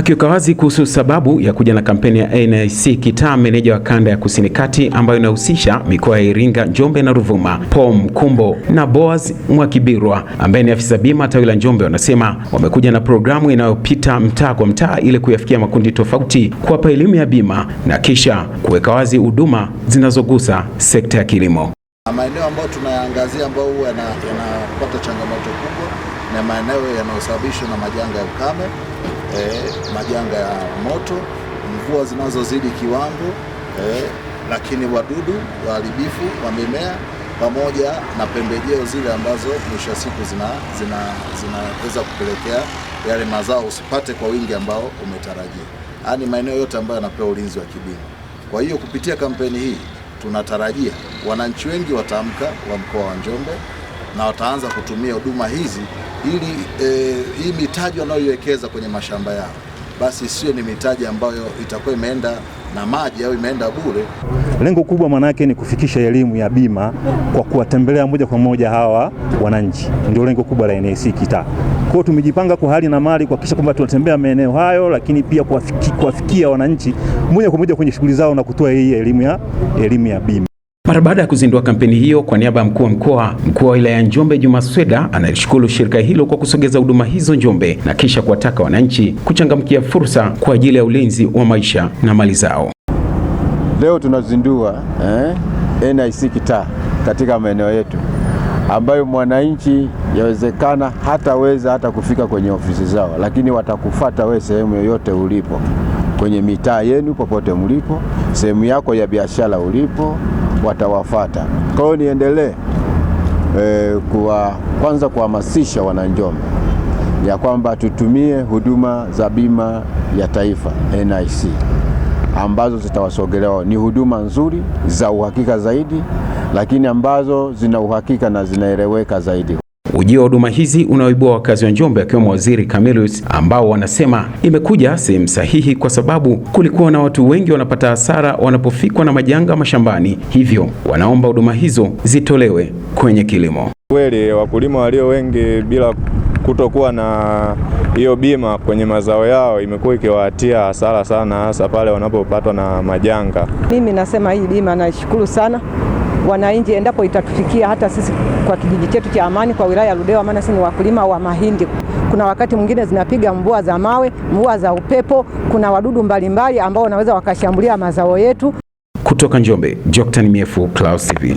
Akiweka wazi kuhusu sababu ya kuja na kampeni ya NIC Kitaa, meneja wa kanda ya Kusini Kati ambayo inahusisha mikoa ya Iringa, Njombe na Ruvuma, Paul Mkumbo na Boaz Mwakibirwa ambaye ni afisa bima tawi la Njombe, wanasema wamekuja na programu inayopita mtaa kwa mtaa ili kuyafikia makundi tofauti, kuwapa elimu ya bima na kisha kuweka wazi huduma zinazogusa sekta ya kilimo. Maeneo ambayo tunayaangazia ambayo huwa yanapata changamoto kubwa na maeneo yanayosababishwa na majanga ya ukame eh, majanga ya moto, mvua zinazozidi kiwango eh, lakini wadudu waharibifu wa mimea pamoja na pembejeo zile ambazo mwisho wa siku zinaweza zina, zina kupelekea yale mazao usipate kwa wingi ambao umetarajia. Haya ni maeneo yote ambayo yanapewa ulinzi wa kibima. Kwa hiyo kupitia kampeni hii tunatarajia wananchi wengi wataamka wa mkoa wa Njombe na wataanza kutumia huduma hizi ili e, hii mitaji wanayoiwekeza kwenye mashamba yao basi sio ni mitaji ambayo itakuwa imeenda na maji au imeenda bure. Lengo kubwa manake ni kufikisha elimu ya bima kwa kuwatembelea moja kwa moja hawa wananchi, ndio lengo kubwa la NIC Kitaa. Kwa hiyo tumejipanga kwa hali na mali kuhakikisha kwamba tunatembea maeneo hayo, lakini pia kuwafikia wananchi moja kwa moja kwenye shughuli zao na kutoa hii elimu ya, elimu ya bima. Mara baada ya kuzindua kampeni hiyo kwa niaba ya mkuu wa mkoa, mkuu wa wilaya ya Njombe Juma Sweda anashukuru shirika hilo kwa kusogeza huduma hizo Njombe na kisha kuwataka wananchi kuchangamkia fursa kwa ajili ya ulinzi wa maisha na mali zao. Leo tunazindua eh, NIC kitaa katika maeneo yetu ambayo mwananchi yawezekana hataweza hata kufika kwenye ofisi zao, lakini watakufata we sehemu yoyote ulipo, kwenye mitaa yenu, popote mlipo, sehemu yako ya biashara ulipo watawafata. Kwa hiyo niendelee e, kuwa kwanza kuhamasisha wananjombe ya kwamba tutumie huduma za bima ya taifa NIC ambazo zitawasogelea. Ni huduma nzuri za uhakika zaidi, lakini ambazo zina uhakika na zinaeleweka zaidi. Ujio wa huduma hizi unaoibua wakazi wa Njombe akiwemo Waziri Camillus, ambao wanasema imekuja sehemu sahihi, kwa sababu kulikuwa na watu wengi wanapata hasara wanapofikwa na majanga mashambani, hivyo wanaomba huduma hizo zitolewe kwenye kilimo. Kweli wakulima walio wengi bila kutokuwa na hiyo bima kwenye mazao yao imekuwa ikiwatia hasara sana, hasa pale wanapopatwa na majanga. Mimi nasema hii bima naishukuru sana wananchi, endapo itatufikia hata sisi kwa kijiji chetu cha Amani kwa wilaya ya Ludewa, maana sisi ni wakulima wa mahindi. Kuna wakati mwingine zinapiga mvua za mawe, mvua za upepo, kuna wadudu mbalimbali ambao wanaweza wakashambulia mazao yetu. Kutoka Njombe, Joctan Myefu, Clouds TV.